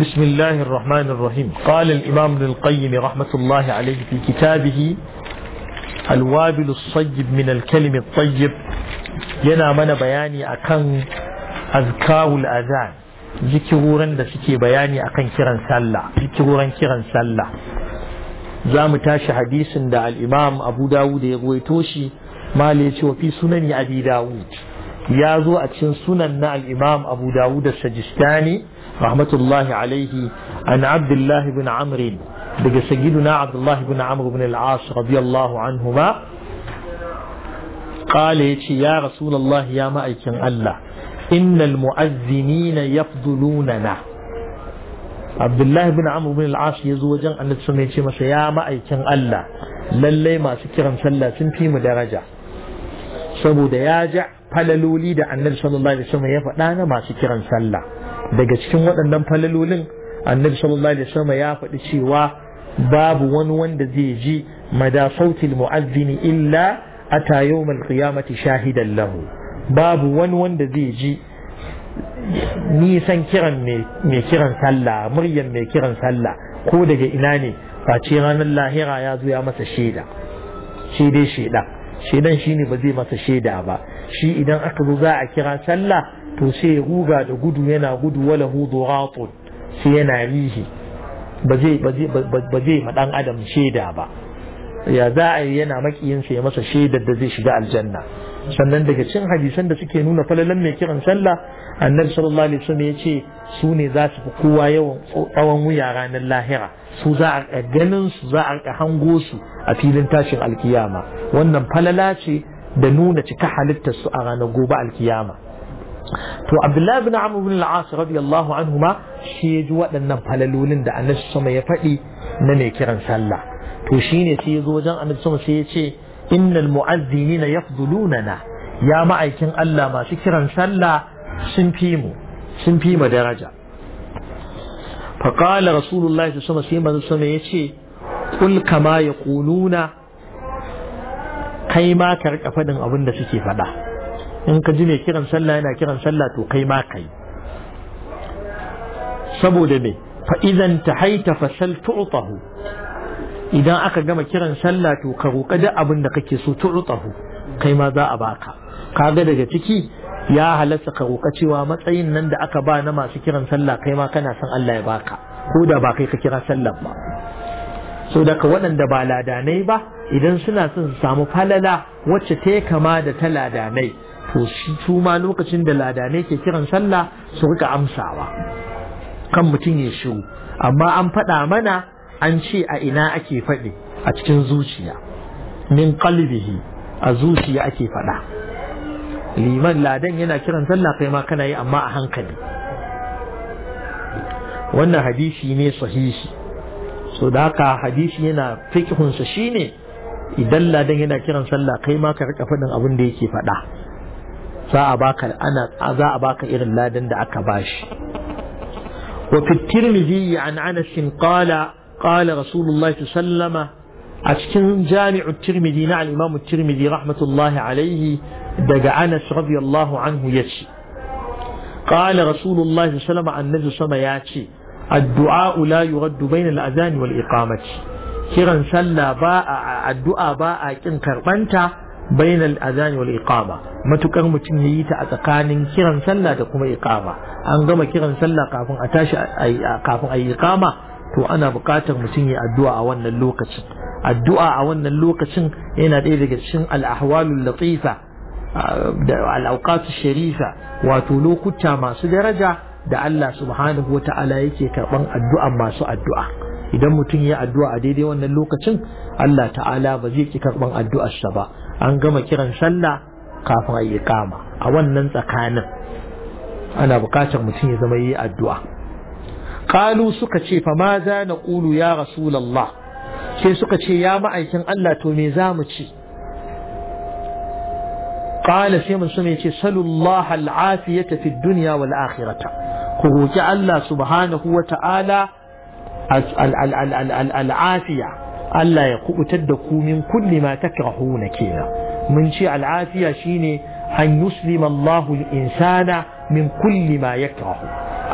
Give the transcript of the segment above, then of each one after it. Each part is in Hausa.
بسم الله الرحمن الرحيم قال الإمام ابن القيم رحمة الله عليه في كتابه الوابل الصيب من الكلم الطيب ينا من بياني أكن أذكاء الأذان ذكرورا دا بياني أكن كيران سالة ذكرورا كيران سالة زام تاشي حديث دا الإمام أبو داود يغوي ما ليش وفي سنن أبي داود يازو أكشن سنن الإمام أبو داود السجستاني rahmatullahi alaihi an abdullahi bin amrin daga sayyiduna abdullahi bin amr bin al-as radiyallahu anhuma قال يتي يا رسول الله يا مأيكن الله إن المؤذنين يفضلوننا عبد الله بن عمرو بن العاص يزوج أن تسمى يتي مسا يا مأيكن الله للي ما سكرن سلا سنفي مدرجة سبو دياجع فللولي دا أن صلى الله عليه وسلم يفضلنا ما سكرن سلا daga cikin waɗannan falalolin annabi sallallahu alaihi wasallam ya faɗi cewa babu wani wanda zai ji mada sautil mu'azzini illa ata yawmal qiyamati shahidan lahu babu wani wanda zai ji nisan kiran mai kiran sallah muryan mai kiran sallah ko daga ina ne face ranar lahira ya zo ya masa shaida shi dai shaida. shaidan shine ba zai masa shaida ba shi idan aka zo za a kira sallah to sai ya guga da gudu yana gudu wala hu dhuratun sai yana rihi ba zai ba ma dan adam shaida ba ya za a yi yana makiyin ya masa shaidar da zai shiga aljanna sannan daga cin hadisan da suke nuna falalan mai kiran sallah annabi sallallahu alaihi wasallam ya ce su ne za su fi kowa yawan tsawon wuya ranar lahira su za a ganin su za a hango su a filin tashin alkiyama wannan falala ce da nuna cika halittar su a ranar gobe alkiyama to abdullahi bin amr bin la'asu as radiyallahu anhuma shi ya ji waɗannan falalolin da annabi sama ya faɗi na mai kiran sallah to shine sai ya zo wajen annabi sama sai ya ce innal mu'azzinina yafdulunana ya ma'aikin Allah masu kiran sallah sun fi mu sun fi mu daraja fa qala rasulullahi sallallahu alaihi wasallam sai manzo yace kul kama yaquluna kai ma ka rika faɗin abin da suke faɗa in ka ji mai kiran sallah yana kiran sallah to kai ma kai saboda me fa idan haita fasal tu'tahu idan aka gama kiran sallah to ka roƙa duk abin da kake so tu'tahu kai ma za a baka kaga daga ciki ya halatta ka roƙa cewa matsayin nan da aka ba na masu kiran sallah kai ma kana son Allah ya baka ko da ba kai ka kira sallah ba so daga waɗanda ba ladanai ba idan suna son su samu falala wacce ta yi kama da ta ladanai to su ma lokacin da ladanai ke kiran sallah su rika amsawa kan mutum ya shiru amma an faɗa mana an ce a ina ake faɗi a cikin zuciya min qalbihi a zuciya ake faɗa liman ladan yana kiran sallah kai ma kana yi amma a hankali wannan hadisi ne sahihi so da haka hadisi yana fikihunsa shine idan ladan yana kiran sallah kai ma ka rika faɗin abin da yake faɗa za a baka ana za a baka irin ladan da aka bashi wa fi tirmidhi an anas qala qala sallama a cikin jami'u tirmidhi na al-imam tirmidhi rahmatullahi alayhi daga anas radiyallahu anhu yace qala rasulullahi sallama annabi sama ce. addu'a la yuraddu bayna al-azan wal iqamati kiran sallah ba a addu'a ba a kin karbanta bayna al-azan wal iqama matukar mutum yayi ta a tsakanin kiran sallah da kuma iqama an gama kiran sallah kafin a tashi kafin ayi iqama to ana buƙatar mutum ya addu'a a wannan lokacin addu'a a wannan lokacin yana ɗaya daga cikin al-ahwalul latifa da al-awqat sharifa wato lokuta masu daraja da Allah subhanahu wa ta'ala yake karɓan addu'an masu addu'a idan mutum ya addu'a a daidai wannan lokacin Allah ta'ala ba zai ki karɓan addu'arsa ba an gama kiran sallah kafin a yi kama a wannan tsakanin ana bukatar mutum ya zama yi addu'a Kalu suka ce fa ma za na ƙulu ya rasulallah sai suka ce ya ma'aikin Allah to me za mu ci qala sai mun so ce sallallahu al'afiyata fid dunya wal akhirata ku roki Allah subhanahu wa ta'ala al'afiya Allah ya kubutar da ku min kulli ma na kenan mun ce al'afiya shine an yuslima Allahu insana min kulli ma yakrahu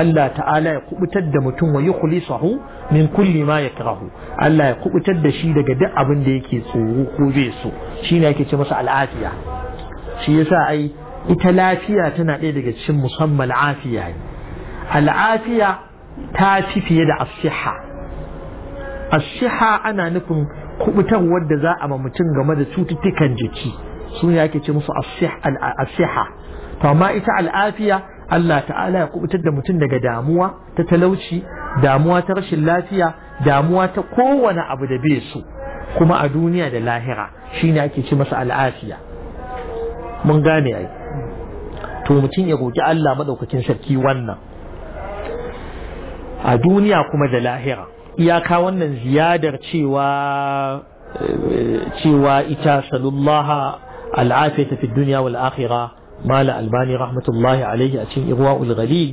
Allah ta'ala ya kubutar da mutum wa yukhlisahu min kulli ma yakrahu Allah ya kubutar da shi daga duk abin da yake tsoro ko bai so shine ake ce masa al'afiya shi yasa ai ita lafiya tana ɗaya daga cikin musamman afiya ne al'afiya ta fi fiye da asiha asiha ana nufin kubutarwar da za a ma mutum game da cututtukan jiki su ne ake ce musu asiha to amma ita al'afiya Allah ta'ala ya kubutar da mutum daga damuwa ta talauci damuwa ta rashin lafiya damuwa ta kowane abu da bai so kuma a duniya da lahira shine ake ce masa al'afiya mun gane ai to mutum ya goge Allah maɗaukakin sarki wannan a duniya kuma da lahira iyaka wannan ziyadar cewa cewa ita salullaha al'afiyata fi duniya wal akhirah mala albani rahmatullahi alaihi a cikin irwaul ghalil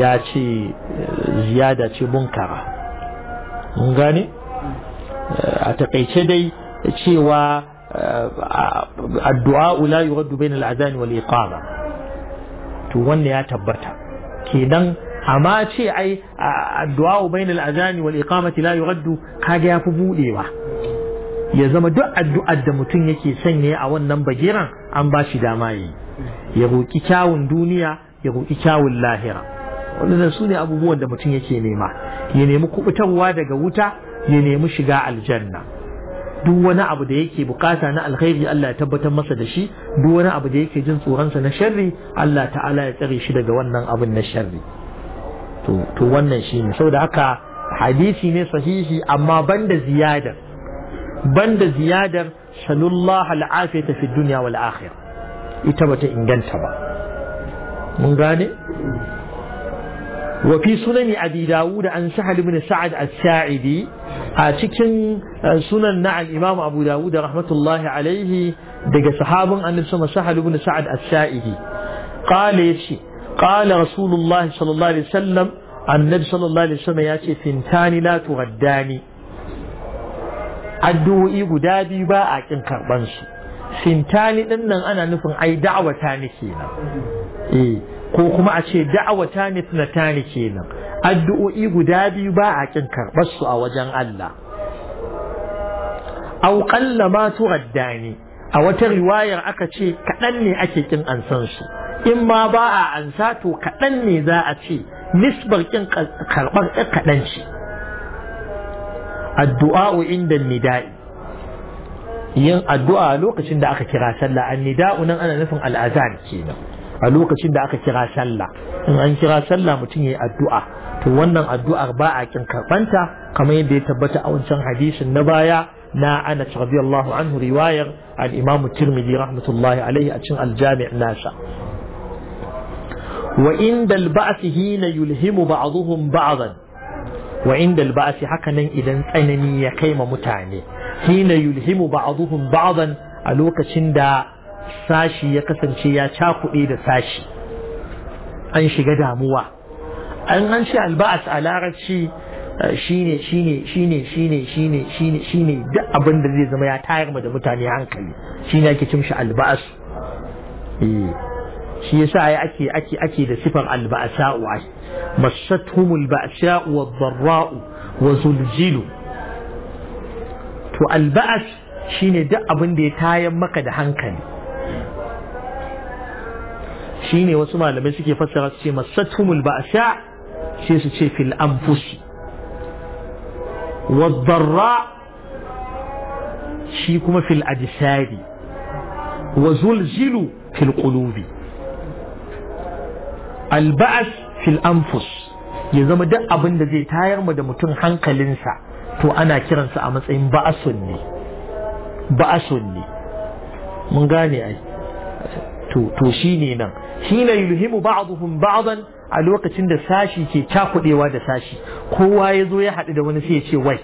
ya ce ziyada ce munkara mun gane a takaice dai cewa addu'a la yuraddu bainal adhan wal iqama to wannan ya tabbata kenan amma ce ai addu'a bainal azani wal iqamati la yuraddu kaga fi budewa ya zama duk addu'ar da mutum yake sanya a wannan bagiran an ba shi dama yi ya roƙi kyawun duniya ya roƙi kyawun lahira wannan su ne abubuwan da mutum yake nema ya nemi kubutarwa daga wuta ya nemi shiga aljanna duk wani abu da yake bukata na alkhairi Allah ya tabbatar masa da shi duk wani abu da yake jin tsoronsa na sharri Allah ta'ala ya tsare shi daga wannan abin na sharri to wannan shi ne saboda haka hadisi ne sahihi amma banda ziyadar banda ziyadar salullah al'afiyata fi duniya wal akhir ita bata inganta ba mun gane wa fi sunani abi dawud an sahal ibn sa'ad as-sa'idi a cikin uh, sunan na al-imam abu dawud rahmatullahi alaihi daga sahabin annabi sahal ibn sa'ad as-sa'idi qala yace qala rasulullahi sallallahu alaihi wasallam annabi sallallahu alaihi wasallam ya ce fintani la tuhaddani addu'o'i guda biyu ba a kin karban su fintani ɗin nan ana nufin ai da'awata ne kenan eh ko kuma a ce da'awata ne tunata ne kenan addu'o'i guda biyu ba a kin karbar su a wajen Allah aw qalla ma tuhaddani a wata riwayar aka ce kaɗan ne ake kin ansan su in ma ba a ansa to kaɗan ne za a ce nisbar ƙin karɓar kaɗan ce addu'a inda nida'i yin addu'a lokacin da aka kira sallah an nida'u nan ana nufin al'azan kenan a lokacin da aka kira sallah in an kira sallah mutum yi addu'a to wannan addu'ar ba a kin karɓanta kamar yadda ya tabbata a wancan hadisin na baya na Anas radiyallahu anhu riwayar al imamu Tirmidhi rahmatullahi alaihi a cikin al nasa وعند البعث حين يلهم بعضهم بعضا وعند البعث هكذا إذا أنني يقيم متعني حين يلهم بعضهم بعضا ألوك شندا ساشي يقسم شيا شاكو إيدا ساشي أنشي قد أموا أن أنشي البعث على رشي shine shine shine shine shine shine shine duk abin da zai zama ya tayar da mutane hankali shine ake cin shi alba'as eh shi yasa ya ake ake ake da sifar alba'sa'u ai massatuhumul ba'sa'u wadh dharrau wa zuljilu to alba'as shine duk abin da ya tayar maka da hankali shine wasu malamai suke fassara su ce massatuhumul ba'sa sai su ce fil anfus wad-dharra shi kuma fil ajsadi wa zuljilu fil qulubi alba'as fil anfus ya zama duk abin da zai tayar mu da mutum hankalinsa to ana kiransa a matsayin ba'asun ne ba'asun ne mun gane ai to to shine nan hina yulhimu ba'dhum ba'dan a lokacin da sashi ke cakudewa da sashi kowa ya zo ya haɗu da wani sai ya ce wai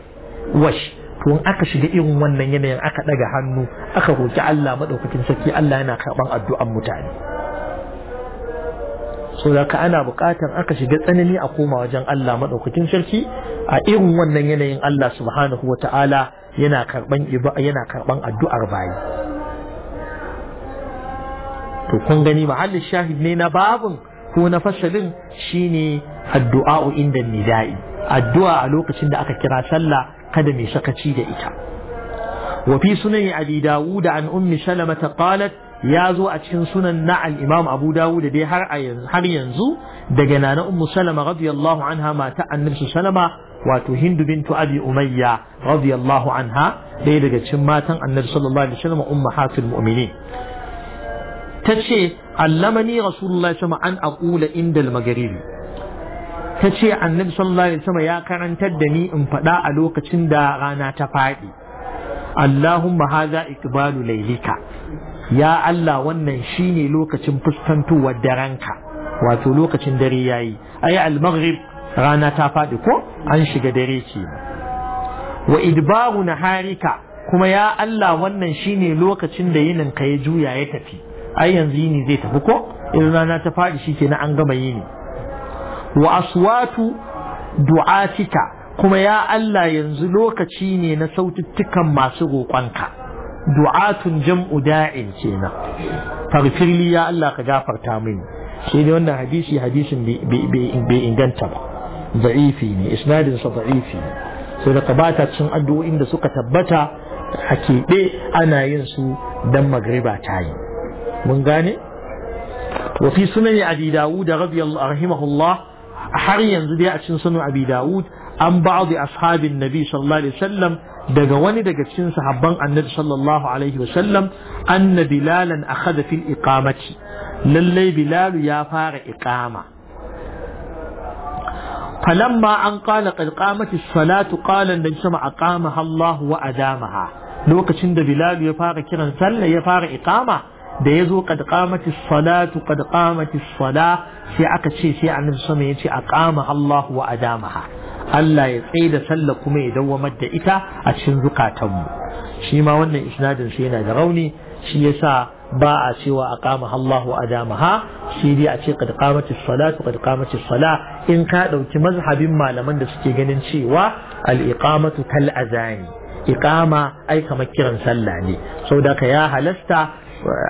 wash to in aka shiga irin wannan yanayin aka ɗaga hannu aka roƙi Allah maɗaukakin sarki Allah yana karɓan addu'an mutane so da ka ana buƙatar aka shiga tsanani a koma wajen Allah maɗaukakin sarki a irin wannan yanayin Allah subhanahu wa ta'ala yana karɓan yana karɓan addu'ar bayi to kun gani mahallin shahid ne na babun ko na fasalin shine addu'a inda nida'i addu'a a lokacin da aka kira sallah kada mai sakaci da ita وفي سنن أبي داود عن أم سلمة قالت ya zo a cikin sunan na al-imam abu dawud da dai har a yanzu har yanzu daga nana ummu salama radiyallahu anha mata annabi salama wato hindu bintu abi umayya radiyallahu anha ɗaya daga cikin matan annabi sallallahu alaihi wasallam ummahatul mu'minin tace allamani rasulullahi sama an aqula inda al-maghrib tace annabi sallallahu alaihi wasallam ya karantar da ni in faɗa a lokacin da rana ta faɗi Allahumma haza iqbalu laylika ya Allah wannan shine lokacin fuskantowar daranka wato lokacin dare yayi ay al-maghrib rana ta faɗi ko an shiga dare ce wa idbaru naharika kuma ya Allah wannan shine lokacin da yinin ka ya juya ya tafi ai yanzu yini zai tafi ko idan rana ta faɗi shikenan an gama yini wa aswatu du'atika kuma ya Allah yanzu lokaci ne na saututtukan masu roƙonka du'atun jam'u da'in kenan farfirli ya Allah ka gafarta mini sai da wannan hadisi hadisin bai inganta ba za'ifi ne isnadin sa za'ifi ne sai da kabata cin addu'o'in da suka tabbata a keɓe ana yin su dan magriba ta yi mun gane wa fi sunan abi dawud radiyallahu rahimahullah har yanzu dai a cikin sunan abi dawud an ba'd ashabin nabi sallallahu alaihi wasallam daga wani daga cikin sahabban annabi sallallahu alaihi wasallam anna bilalan akhadha fil iqamati lallai bilal ya fara iqama فلما أن قال قد قامت الصلاة قال النبي صلى الله عليه وسلم أقامها الله وأدامها لوكشن ده بلال يفارق كيران سلة يفارق إقامة da ya zo kad qamati salatu kad qamati sala sai aka ce sai annabi sama ya ce aqama Allah wa adamaha Allah ya tsaye da sallah kuma ya dawwamar da ita a cikin zukatanmu shi ma wannan isnadin sai yana da rauni shi yasa ba a cewa a kama Allahu a damaha shi dai a ce kad kamati salatu kad sala in ka ɗauki mazhabin malaman da suke ganin cewa al iqamatu kal azani iqama ai kamar kiran sallah ne da ka ya halasta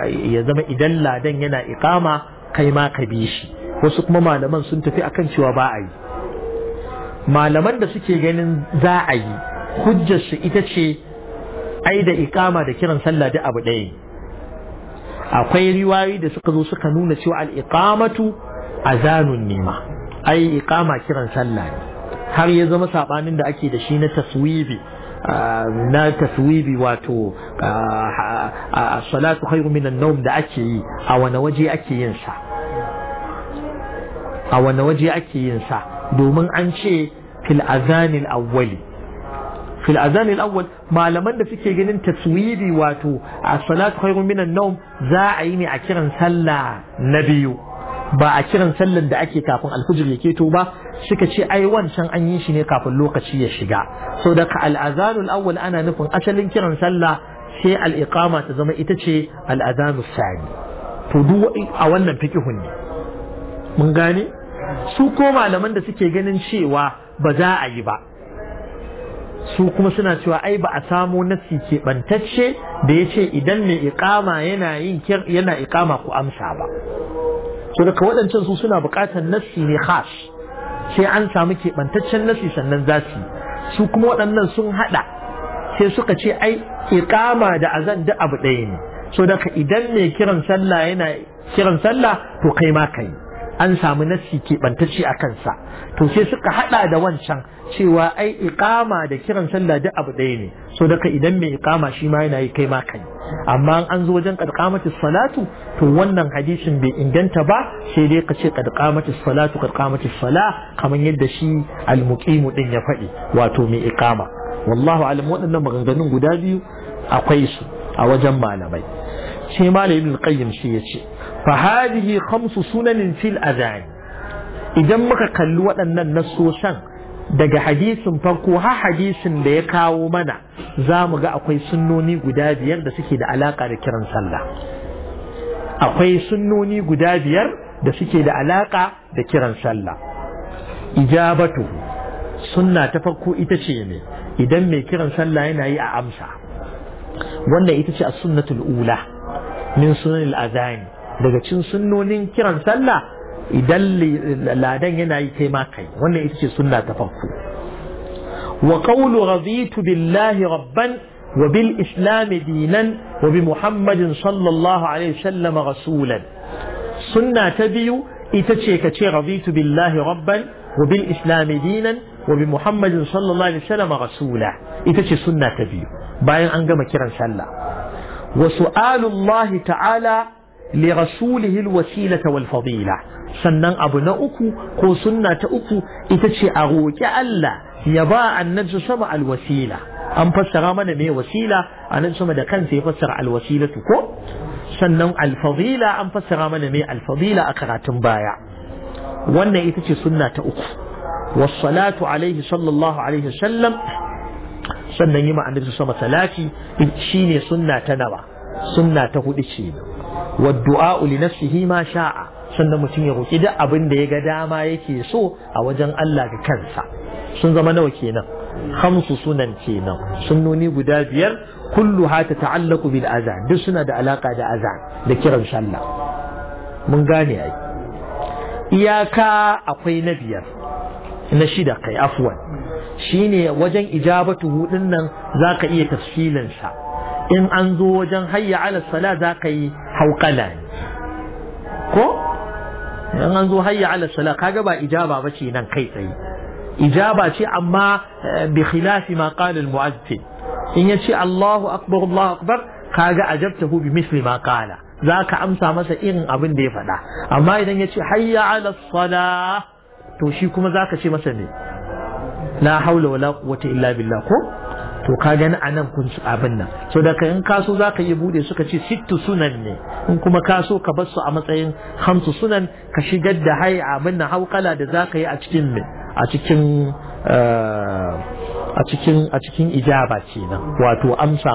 eh, ya zama idan ladan yana iƙama kai ma ka bi shi wasu kuma malaman sun tafi akan cewa ba a yi malaman da suke ganin za a yi hujjar su ita ce ai da ikama da kiran sallah da abu ɗaya akwai riwayoyi da suka zo suka nuna cewa al a zanun nima ai iqama kiran sallah ne har ya zama saɓanin da ake da shi na taswibi na taswibi wato salatu khairu minan nawm da ake yi a wani waje ake yin sa a wani waje ake yin sa domin an ce fil azanil awwali fil malaman da suke ganin taswiri wato a salatu khairun minan nawm za a yi ne a kiran sallah na biyu ba a kiran sallar da ake kafin alfijir ya keto ba suka ce ai wancan an yi shi ne kafin lokaci ya shiga so da ka al'azanul awwal ana nufin asalin kiran sallah sai al'iqama ta zama ita ce al'azanu sani to duk a wannan fiqihun ne mun gane su ko malaman da suke ganin cewa ba za a yi ba su kuma suna cewa ai ba a samo nasi keɓantacce da ya ce idan mai iƙama yana yin yana iƙama ku amsa ba so daga waɗancan su suna buƙatar nasi ne khas sai an samu keɓantaccen nasi sannan za su su kuma waɗannan sun haɗa sai suka ce ai iƙama da azan duk abu ɗaya ne so daga idan mai kiran sallah yana kiran sallah to kai ma kai an samu nassi keɓantacce a kansa to sai suka haɗa da wancan cewa ai iƙama da kiran sallah duk abu ɗaya ne so daga idan mai iƙama shi ma yana yi kai ma kai amma an zo wajen qadqamatis salatu to wannan hadisin bai inganta ba sai dai ka ce qadqamatis salatu qadqamatis sala kamar yadda shi almuqimu din ya faɗi wato mai iƙama wallahu alam waɗannan maganganun guda biyu akwai su a wajen malamai sai malamin qayyim shi ya ce fa hadihi khamsu sunanin fil idan muka kalli waɗannan nassosan daga hadisin farko har hadisin da ya kawo mana za mu ga akwai sunnoni guda biyar da suke da alaka da kiran sallah akwai sunnoni guda biyar da suke da alaka da kiran sallah ijabatu sunna ta farko ita ce ne idan mai kiran sallah yana yi a amsa wannan ita ce as-sunnatul ula min sunan azani. daga cin sunnonin kiran sallah idan ladan yana yi kai ma kai wannan ita ce sunna ta farko wa qawlu raditu billahi rabban wa bil islam dinan wa bi muhammadin sallallahu alaihi wasallam rasulan sunna ta biyu ita ce ka ce raditu billahi rabban wa bil islam dinan wa bi muhammadin sallallahu alaihi wasallam rasula ita ce sunna ta biyu bayan an gama kiran sallah wa su'alullahi ta'ala لرسوله الوسيلة والفضيلة سنن أبناء أكو قو سنة أكو إتشي أغو كألا يباع النجس سمع الوسيلة أم فسر من مي وسيلة أن سمع دكان سيفسر الوسيلة كو سنن الفضيلة أم فسر من مي الفضيلة أكرات بايع وأن إتشي سنة أكو والصلاة عليه صلى الله عليه وسلم سنن يما أن نجس سمع سلاكي إتشيني سنة تنوى سنة تهو إتشيني wa du'a ma sha'a sannan mutum ya roki duk abin da ya ga dama yake so a wajen Allah ga kansa sun zama nawa kenan hamsu sunan kenan sunnoni guda biyar ta tata'allaqu bil azan duk suna da alaka da azan da kiran sallah mun gane ai iyaka akwai na biyar na shida kai afwan shine wajen ijabatu hudun nan zaka iya tafsilin sa in an zo wajen hayya ala sala zaka yi hauƙala ko in an zo hayya ala sala kaga ba ijaba ba ce nan kai tsaye ijaba ce amma eh, bi khilafi ma qala al mu'azzin in yace Allahu akbar Allahu akbar kaga ajabtahu bi misli ma qala zaka amsa masa irin abin da ya faɗa amma idan yace hayya ala sala to shi kuma zaka ce masa ne la haula wala quwwata illa billah ko to ka gani a nan kun abin nan so da in ka so za ka yi bude suka ce sittu sunan ne in kuma ka so ka bar su a matsayin hamsu sunan ka shigar da hai abin nan haukala da za ka yi a cikin a cikin eh, a cikin a cikin ijaba kenan wato amsa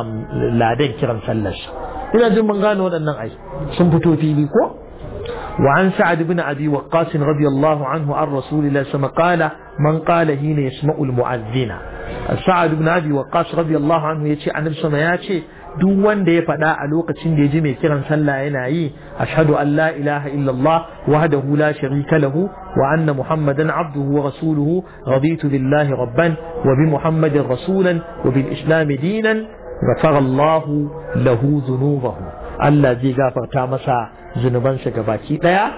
ladan kiran sallar ina jin mun gane waɗannan ai sun fito fili ko وعن سعد بن أبي وقاص رضي الله عنه عن رسول الله صلى الله عليه وسلم قال من قال حين يسمع المؤذن sa'ad ibn abi waqqas radiyallahu anhu yace annabi sama yace duk wanda ya faɗa a lokacin da ya ji mai kiran sallah yana yi ashhadu an la ilaha illallah wahdahu la sharika lahu wa anna muhammadan abduhu wa rasuluhu raditu billahi rabban wa bi muhammadin rasulan wa bil islam dinan ghafara allah lahu dhunubahu Allah zai gafarta masa zunubansa gabaki daya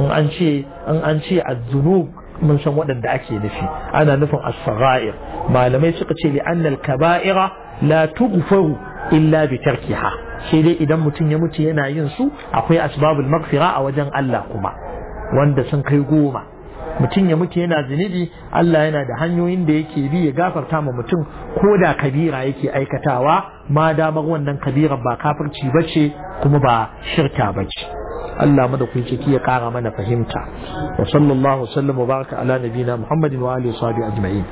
in an ce in an ce az-zunub mun san waɗanda ake nufi ana nufin as-sagha'ir malamai suka ce li annal kaba'ira la tughfaru illa bi tarkiha sai dai idan mutum ya mutu yana yin su akwai asbabul maghfira a wajen Allah kuma wanda sun kai goma mutum ya mutu yana zunubi Allah yana da hanyoyin da yake bi ya gafarta ma mutum ko da kabira yake aikatawa ma damar wannan kabirar ba kafirci bace kuma ba shirka bace Allah madaukakin ciki ya kara mana fahimta wa sallallahu sallam wa baraka ala nabiyina muhammadin wa alihi wa sahbihi ajma'in